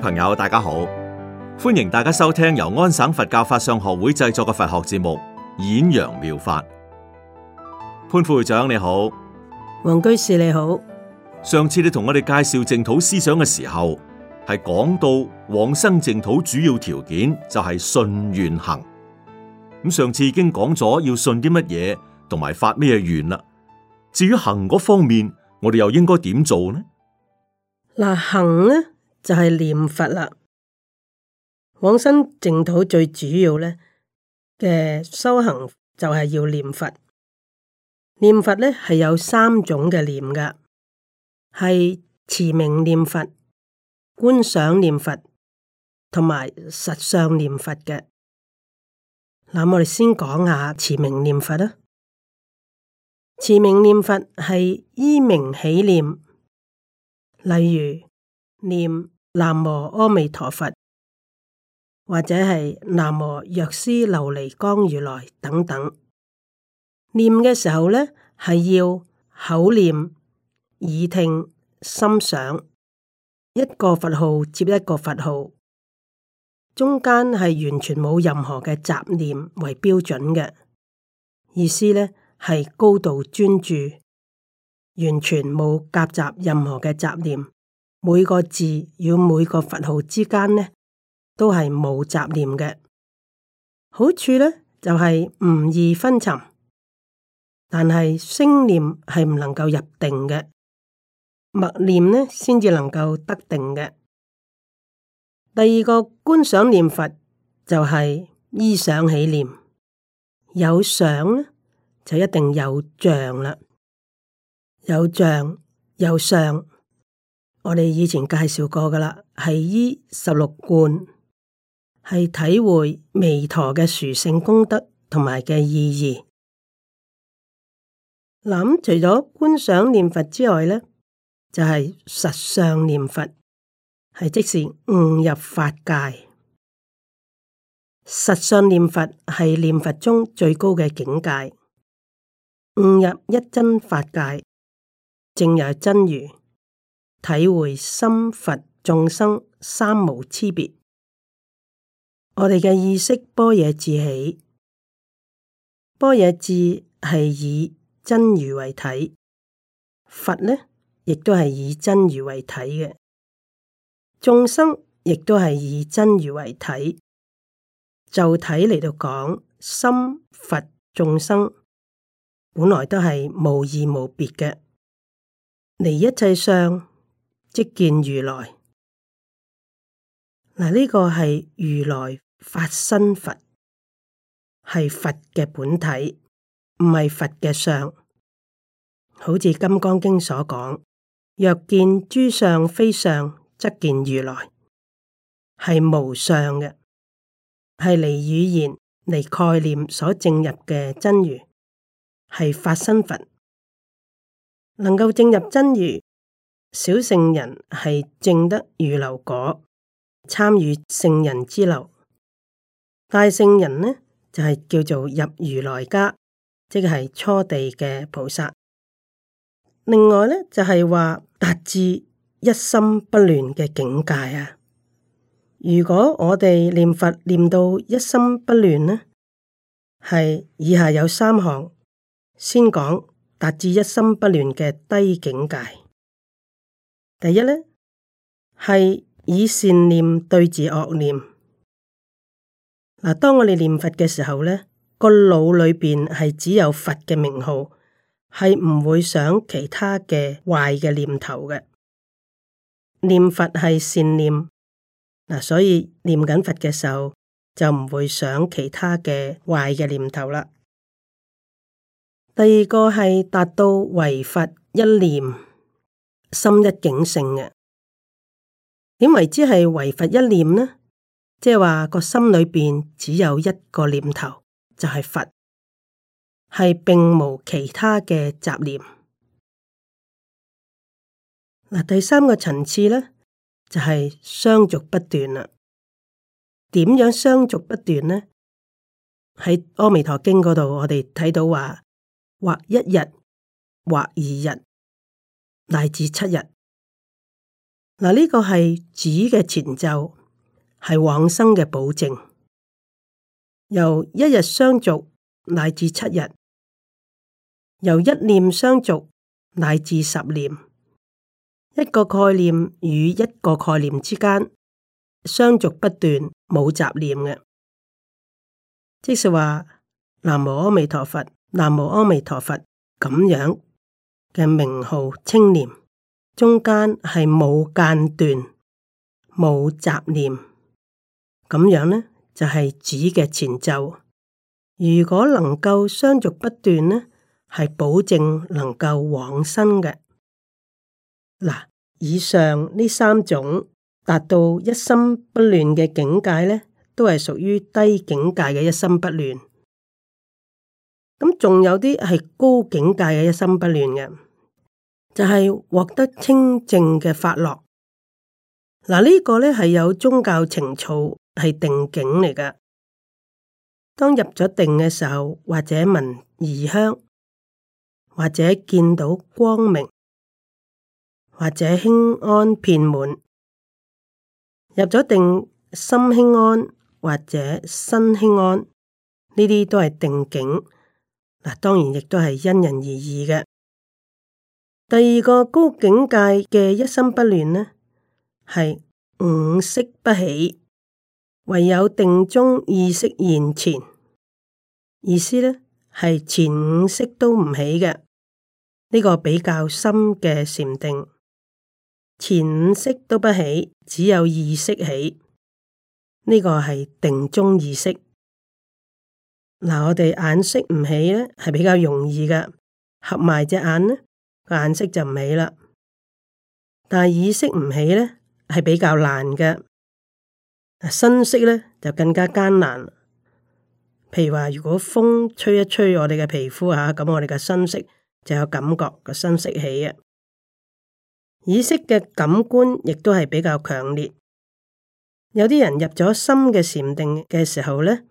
朋友，大家好，歡迎大家收聽由安省佛教法相學會製作嘅佛學節目《演揚妙法》。潘副會長你好，王居士你好。上次你同我哋介紹淨土思想嘅時候，係講到往生淨土主要條件就係信願行。咁上次已經講咗要信啲乜嘢，同埋發咩願啦。至於行嗰方面，我哋又應該點做呢？嗱，行呢？就係念佛喇。往生淨土最主要咧嘅修行就係要念佛。念佛咧係有三種嘅念噶，係持名念佛、觀想念佛同埋實相念佛嘅。嗱，我哋先講下持名念佛啦。持名念佛係依名起念，例如念南無阿彌陀佛，或者係南無藥師琉璃光如來等等。念嘅時候呢，係要口念、耳聽、心想，一個佛號接一個佛號，中間係完全冇任何嘅雜念為標準嘅意思呢，係高度專注，完全冇夾雜任何嘅雜念。每個字，與每個佛號之間呢，都係冇雜念嘅。好處呢，就係、是、唔易分尋，但係聲念係唔能夠入定嘅，默念呢先至能夠得定嘅。第二個觀想念佛就係、是、依想起念，有想呢就一定有像啦，有像有相。我哋以前介紹過噶啦，係依十六觀，係體會彌陀嘅殊勝功德同埋嘅意義。諗、嗯、除咗觀想念佛之外咧，就係、是、實相念佛，係即是悟入法界。實相念佛係念佛中最高嘅境界，悟入一真法界，正入真如。體會心佛眾生三無差別。我哋嘅意識般若智起，般若智係以真如為體，佛呢亦都係以真如為體嘅，眾生亦都係以真如為體。就體嚟到講，心佛眾生本來都係無二無別嘅，離一切相。即見如來，嗱、這、呢個係如來法身佛，係佛嘅本體，唔係佛嘅相。好似《金剛經》所講，若見諸相非相，則見如來，係無相嘅，係離語言、離概念所證入嘅真如，係法身佛，能夠證入真如。小聖人係證得預流果，參與聖人之流；大聖人呢就係、是、叫做入如來家，即係初地嘅菩薩。另外呢就係、是、話達至一心不亂嘅境界啊。如果我哋念佛念到一心不亂呢，係以下有三項先講達至一心不亂嘅低境界。第一呢係以善念對峙惡念嗱，當我哋念佛嘅時候呢個腦裏邊係只有佛嘅名號，係唔會想其他嘅壞嘅念頭嘅。念佛係善念嗱，所以念緊佛嘅時候就唔會想其他嘅壞嘅念頭啦。第二個係達到唯佛一念，心一境性嘅，點為之係唯佛一念呢？即係話個心裏邊只有一個念頭，就係佛，係並無其他嘅雜念。嗱，第三個層次咧，就係相續不斷啦。點樣相續不斷呢？喺《阿彌陀經》嗰度，我哋睇到話，或一日，或二日。乃至七日，嗱呢個係主嘅前奏，係往生嘅保證。由一日相續乃至七日，由一念相續乃至十念，一個概念與一個概念之間相續不斷，冇雜念嘅。即係話南無阿彌陀佛，南無阿彌陀佛咁樣。嘅名號清念，中間係冇間斷、冇雜念，咁樣呢，就係指嘅前奏。如果能夠相續不斷呢，係保證能夠往生嘅。嗱，以上呢三種達到一心不亂嘅境界呢，都係屬於低境界嘅一心不亂。咁仲有啲係高境界嘅一心不亂嘅，就係、是、獲得清淨嘅法樂。嗱、這、呢個咧係有宗教情操，係定境嚟嘅。當入咗定嘅時候，或者聞異香，或者見到光明，或者輕安遍滿，入咗定心輕安，或者身輕安，呢啲都係定境。嗱，當然亦都係因人而異嘅。第二個高境界嘅一心不亂呢，係五識不起，唯有定中意識現前。意思呢係前五識都唔起嘅，呢、這個比較深嘅禪定。前五識都不起，只有意識起，呢、這個係定中意識。嗱，我哋眼識唔起咧，係比較容易噶；合埋隻眼咧，個眼識就唔起啦。但耳識唔起咧，係比較難噶。身識咧就更加艱難。譬如話，如果風吹一吹我哋嘅皮膚吓，咁、啊、我哋嘅身識就有感覺，個身識起啊。耳識嘅感官亦都係比較強烈。有啲人入咗深嘅禪定嘅時候咧。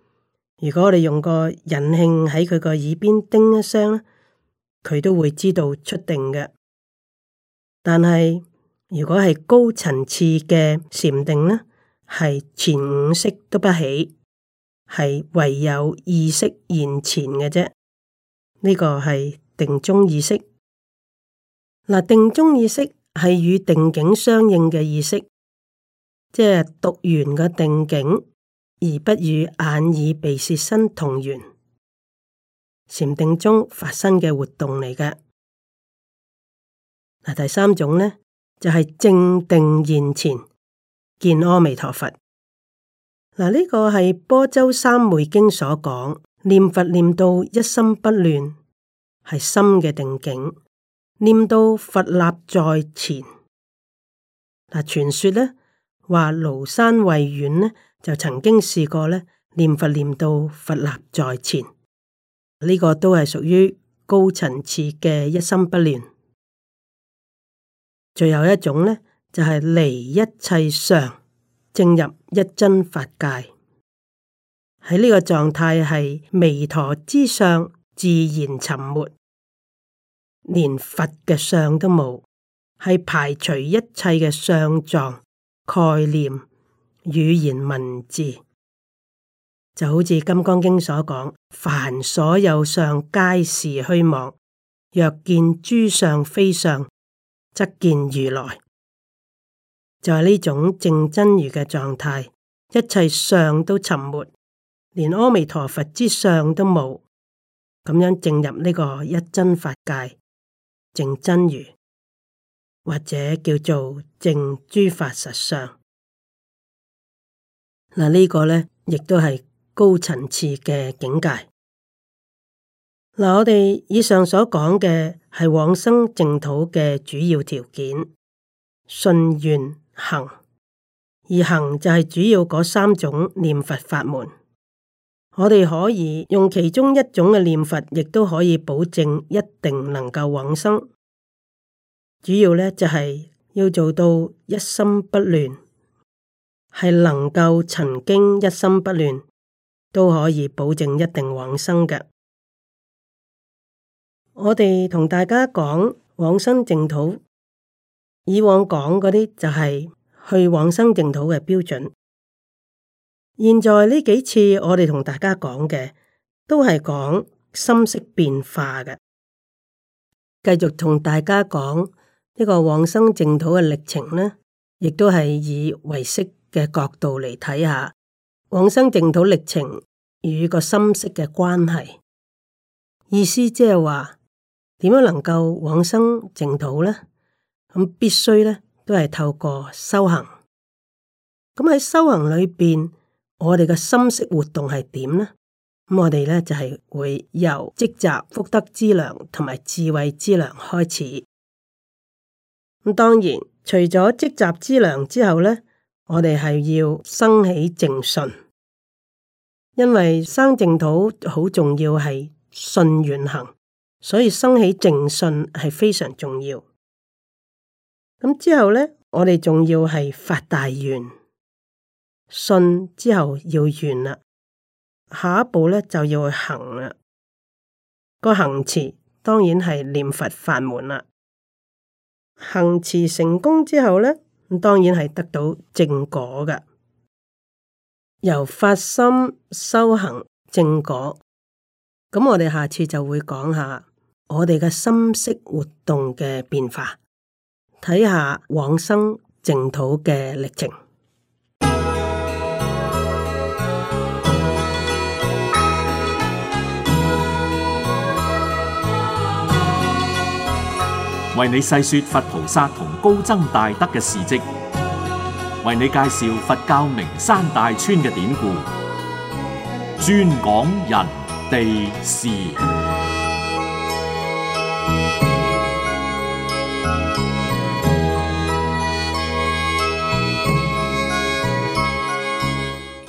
如果我哋用個引磬喺佢個耳邊叮一聲，佢都會知道出定嘅。但係如果係高層次嘅禪定呢，係前五識都不起，係唯有意識現前嘅啫。呢、這個係定中意識。嗱，定中意識係與定境相應嘅意識，即係讀完嘅定境。而不與眼耳鼻舌身同緣，禪定中發生嘅活動嚟嘅。嗱，第三種呢，就係、是、正定現前見阿彌陀佛。嗱，呢個係般舟三昧經所講，念佛念到一心不亂，係心嘅定境。念到佛立在前，嗱，傳說呢話廬山慧遠咧。就曾經試過咧，念佛念到佛立在前，呢、這個都係屬於高層次嘅一心不亂。最後一種咧，就係、是、離一切相，正入一真法界。喺呢個狀態係彌陀之相，自然沉沒，連佛嘅相都冇，係排除一切嘅相狀概念。語言文字就好似《金剛經》所講，凡所有相皆是虛妄，若見諸相非相，則見如來。就係、是、呢種淨真如嘅狀態，一切相都沉沒，連阿彌陀佛之相都冇，咁樣進入呢個一真法界，淨真如或者叫做淨諸法實相。嗱，個呢個咧亦都係高層次嘅境界。嗱、嗯，我哋以上所講嘅係往生淨土嘅主要條件：信願行。而行就係主要嗰三種念佛法門。我哋可以用其中一種嘅念佛，亦都可以保證一定能夠往生。主要咧就係、是、要做到一心不亂。係能夠曾經一心不亂，都可以保證一定往生嘅。我哋同大家講往生淨土，以往講嗰啲就係去往生淨土嘅標準。現在呢幾次我哋同大家講嘅，都係講心識變化嘅。繼續同大家講呢個往生淨土嘅歷程呢，亦都係以為識。嘅角度嚟睇下往生淨土歷程與個心識嘅關係，意思即係話點樣能夠往生淨土咧？咁必須咧都係透過修行。咁喺修行裏邊，我哋嘅心識活動係點咧？咁我哋咧就係會由積集福德之糧同埋智慧之糧開始。咁當然，除咗積集之糧之後咧。我哋係要生起正信，因為生淨土好重要係信願行，所以生起正信係非常重要。咁之後咧，我哋仲要係發大願，信之後要願啦，下一步咧就要去行啦。那個行持當然係念佛法，法門啦，行持成功之後咧。咁當然係得到正果嘅，由發心修行正果。咁我哋下次就會講下我哋嘅心識活動嘅變化，睇下往生淨土嘅歷程。為你細說佛菩薩。高僧大德嘅事跡，為你介紹佛教名山大川嘅典故，專講人地事。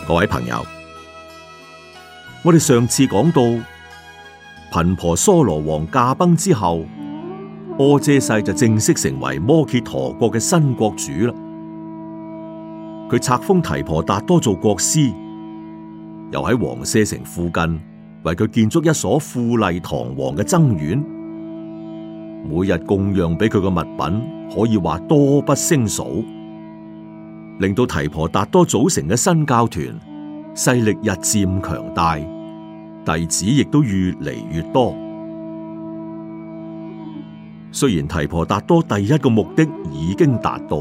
各位朋友，我哋上次講到，頻婆娑羅王駕崩之後。阿闍世就正式成為摩揭陀國嘅新國主啦。佢冊封提婆達多做國師，又喺王舍城附近為佢建築一所富麗堂皇嘅僧院，每日供養俾佢嘅物品可以話多不勝數，令到提婆達多組成嘅新教團勢力日漸強大，弟子亦都越嚟越多。雖然提婆達多第一個目的已經達到，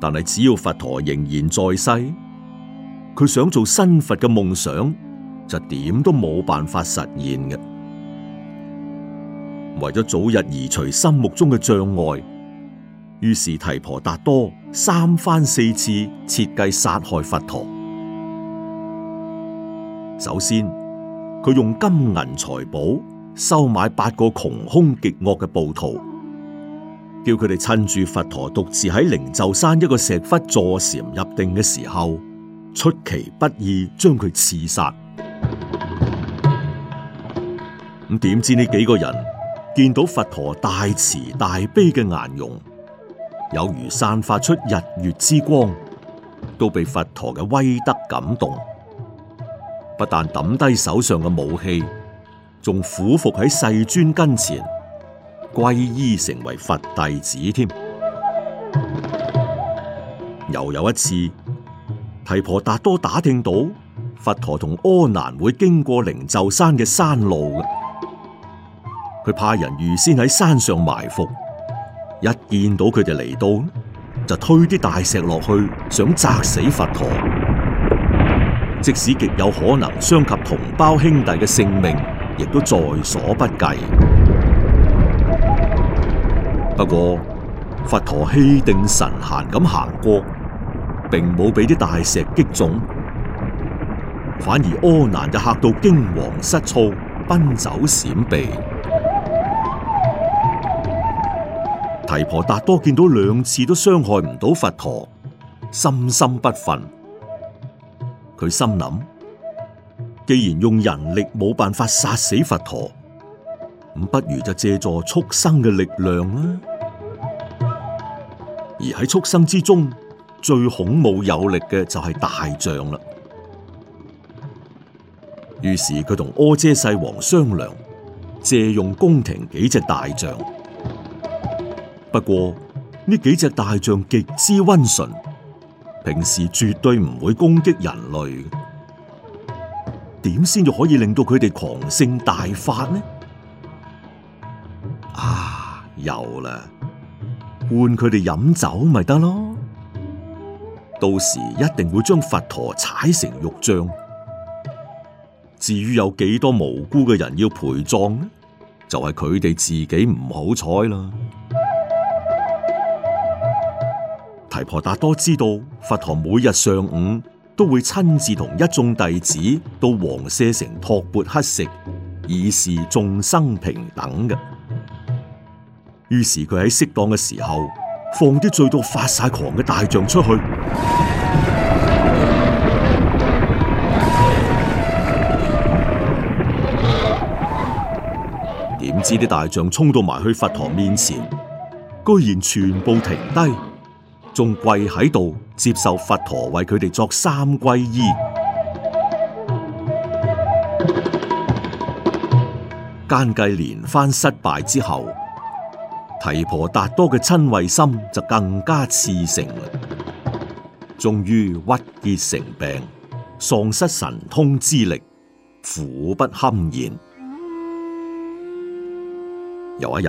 但係只要佛陀仍然在世，佢想做新佛嘅夢想就點都冇辦法實現嘅。為咗早日移除心目中嘅障礙，於是提婆達多三番四次設計殺害佛陀。首先，佢用金銀財寶。收買八個窮兇極惡嘅暴徒，叫佢哋趁住佛陀獨自喺靈鷲山一個石窟坐禪入定嘅時候，出其不意將佢刺殺。咁點知呢幾個人見到佛陀大慈大悲嘅顏容，有如散發出日月之光，都被佛陀嘅威德感動，不但抌低手上嘅武器。仲俯伏喺世尊跟前，皈依成為佛弟子添。又有一次，提婆達多打聽到佛陀同阿難會經過靈鷲山嘅山路，佢派人預先喺山上埋伏，一見到佢哋嚟到，就推啲大石落去，想砸死佛陀。即使極有可能傷及同胞兄弟嘅性命。亦都在所不計。不過，佛陀氣定神閒咁行過，並冇俾啲大石擊中，反而阿難就嚇到驚惶失措，奔走閃避。提婆達多見到兩次都傷害唔到佛陀，心心不忿，佢心諗。既然用人力冇辦法殺死佛陀，不如就借助畜生嘅力量啦。而喺畜生之中，最恐怖有力嘅就係大象啦。於是佢同阿闍世王商量，借用宮廷幾隻大象。不過呢幾隻大象極之溫順，平時絕對唔會攻擊人類。點先至可以令到佢哋狂性大發呢？啊，有啦，換佢哋飲酒咪得咯，到時一定會將佛陀踩成肉醬。至於有幾多無辜嘅人要陪葬呢？就係佢哋自己唔好彩啦。提婆達多知道，佛陀每日上午都會親自同一眾弟子到王舍城托缽乞食，以示眾生平等嘅。於是佢喺適當嘅時候放啲醉到發晒狂嘅大象出去，點知啲大象衝到埋去佛陀面前，居然全部停低。仲跪喺度接受佛陀為佢哋作三皈依。 奸計連番失敗之後，提婆達多嘅瞋恚心就更加熾盛啦。終於鬱結成病，喪失神通之力，苦不堪言。 有一日，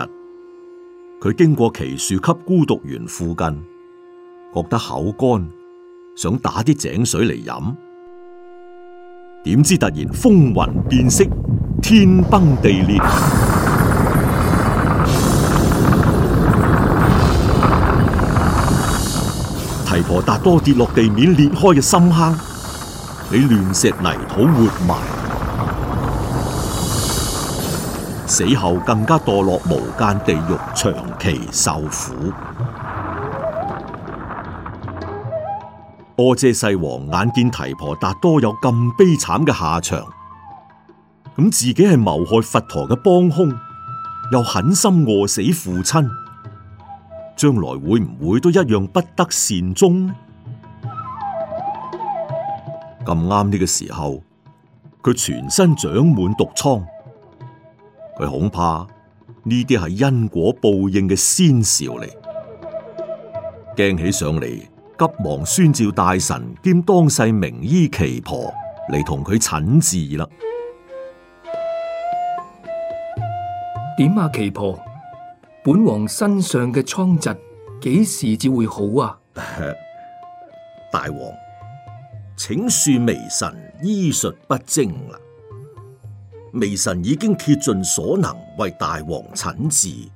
佢經過祇樹給孤獨園附近。覺得口乾，想打啲井水嚟飲，點知突然風雲變色，天崩地裂，提婆達多跌落地面裂開嘅深坑，被亂石泥土活埋，死後更加墮落無間地獄，長期受苦。阿闍世王眼見提婆達多有咁悲慘嘅下場，咁自己係謀害佛陀嘅幫兇，又狠心餓死父親，將來會唔會都一樣不得善終呢？咁啱呢個時候，佢全身長滿毒瘡，佢恐怕呢啲係因果報應嘅先兆嚟，驚起上嚟。急忙宣召大臣兼當世名醫耆婆嚟同佢診治啦。點啊，耆婆，本王身上嘅瘡疾幾時至會好啊？大王，請恕微臣醫術不精啦。微臣已經竭盡所能為大王診治，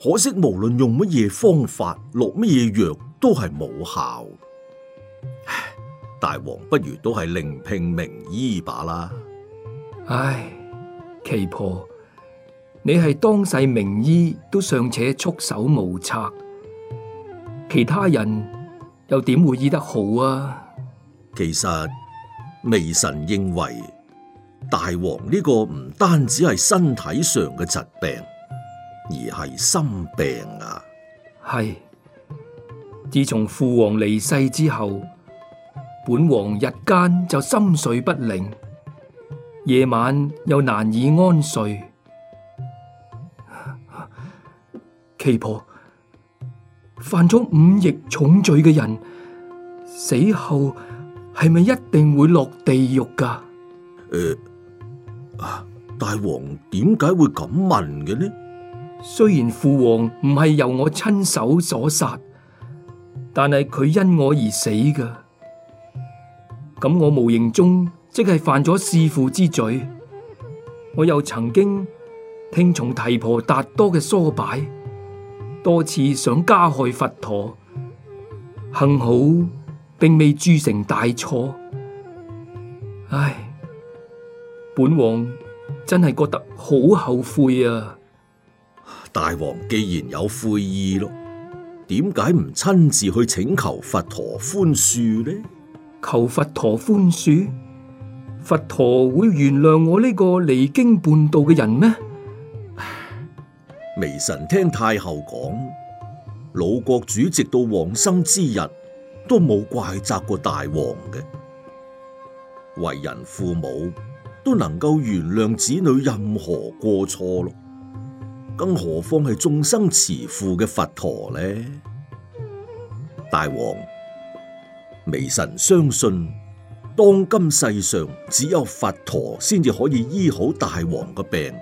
可惜無論用乜嘢方法落乜嘢藥。都係冇效，大王不如都係另聘名醫罷啦。唉，奇婆，你係當世名醫，都尚且束手無策，其他人又點會醫得好啊？其實微臣認為，大王呢個唔單止係身體上嘅疾病，而係心病啊。係。自從父王離世之後，本王日間就心緒不寧，夜晚又難以安睡。 奇婆，犯咗五逆重罪嘅人死後係咪一定會落地獄噶？誒、呃，大王點解會咁問嘅呢？雖然父王唔係由我親手所殺。但係佢因我而死嘅，咁我無形中即係犯咗弑父之罪。我又曾經聽從提婆達多嘅唆擺，多次想加害佛陀，幸好並未鑄成大錯。唉，本王真係覺得好後悔啊！大王既然有悔意咯。點解唔親自去請求佛陀寬恕呢？求佛陀寬恕，佛陀會原諒我呢個離經叛道嘅人咩？微臣聽太後講，老國主直到往生之日都冇怪責過大王嘅，為人父母都能夠原諒子女任何過錯咯。更何況係眾生慈父嘅佛陀呢？大王，微臣相信，當今世上只有佛陀先至可以醫好大王嘅病，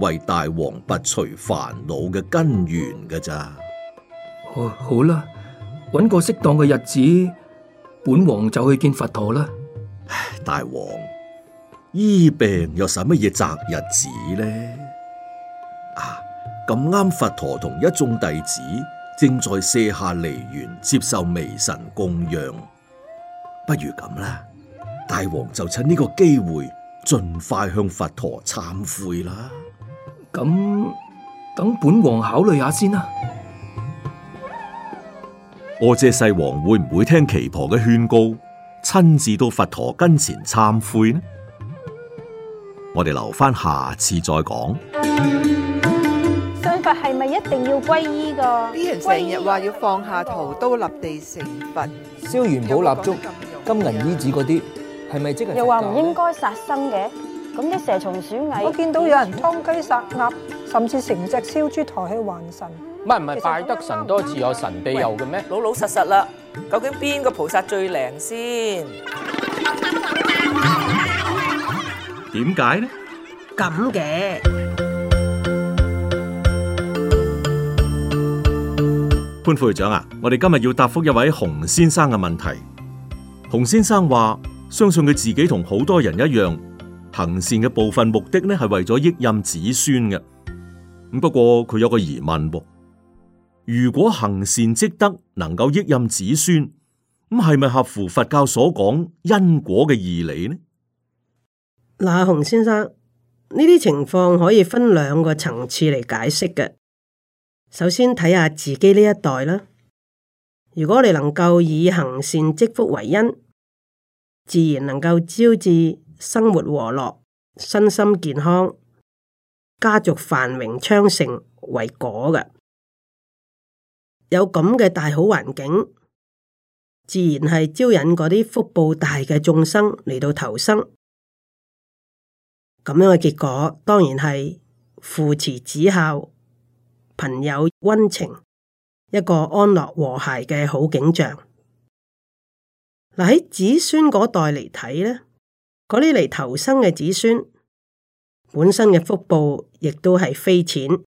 為大王拔除煩惱嘅根源嘅咋。哦，好啦，揾個適當嘅日子，本王就去見佛陀啦。大王，醫病又使乜嘢擇日子呢？咁啱，剛剛佛陀同一眾弟子正在卸下離園接受微神供養，不如咁啦，大王就趁呢個機會，盡快向佛陀懺悔啦。咁等本王考慮下先啦，啊。阿闍世王會唔會聽耆婆嘅勸告，親自到佛陀跟前懺悔呢？我哋留返下次再講。係咪一定要皈依㗎？啲人成日話要放下屠刀立地成佛，燒元寶蠟燭、金銀衣紙嗰啲，係咪即係？又話唔應該殺生嘅，咁啲蛇蟲鼠蟻，我見到有人劏鷄殺鴨，甚至成隻燒豬抬去還神。唔係唔係，拜得神多自有神庇佑嘅咩？老老實實啦，究竟邊個菩薩最靈先？點解呢？咁嘅。潘副處長啊，我哋今日要答復一位洪先生嘅問題。洪先生話：相信佢自己同好多人一樣行善嘅部分目的呢係為咗益蔭子孫嘅。咁不過佢有個疑問，如果行善積德能夠益蔭子孫，咁係咪合乎佛教所講因果嘅義理呢？嗱，洪先生，呢啲情況可以分兩個層次嚟解釋嘅。首先睇下自己呢一代啦。如果你能夠以行善積福為因，自然能夠招致生活和樂、身心健康、家族繁榮昌盛為果嘅。有咁嘅大好環境，自然係招引嗰啲福報大嘅眾生嚟到投生。咁樣嘅結果，當然係父慈子孝。朋友温情，一個安樂和諧嘅好景象。嗱喺子孫嗰代嚟睇咧，嗰啲嚟投生嘅子孫，本身嘅福報亦都係非淺，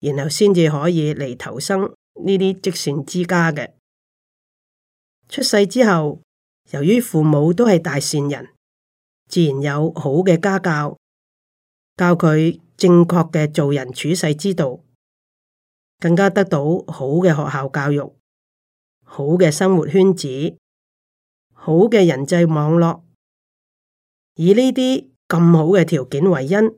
然後先至可以嚟投生呢啲積善之家嘅。出世之後，由於父母都係大善人，自然有好嘅家教，教佢正確嘅做人處世之道。更加得到好嘅學校教育、好嘅生活圈子、好嘅人際網絡，以呢啲咁好嘅條件為因，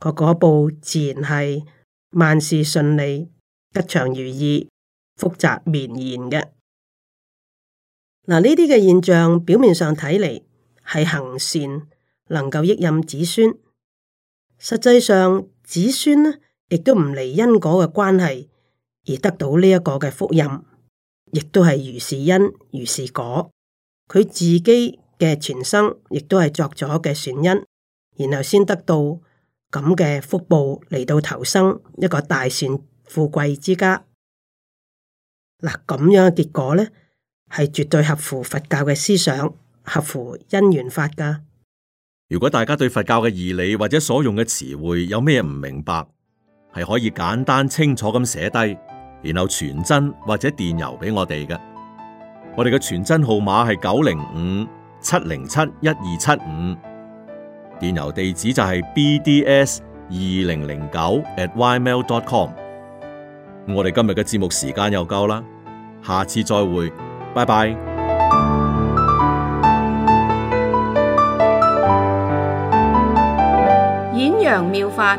個個報自然係萬事順利、吉祥如意、福澤綿延嘅。嗱，呢啲嘅現象表面上睇嚟係行善能夠益蔭子孫，實際上子孫呢？亦都唔離因果嘅關係而得到呢一個嘅福蔭，亦都係如是因如是果。佢自己嘅前生亦都係作咗嘅善因，然後先得到咁嘅福報嚟到投生一個大善富貴之家。嗱，咁樣嘅結果呢，係絕對合乎佛教嘅思想，合乎因緣法噶。如果大家對佛教嘅義理或者所用嘅詞彙有咩唔明白？係可以簡單清楚咁寫低，然後傳真或者電郵俾我哋嘅。我哋嘅傳真號碼係九零五七零七一二七五，75, 電郵地址就係 bds 二零零九 atymail.com。我哋今日嘅節目時間又夠啦，下次再會，拜拜。演揚妙法。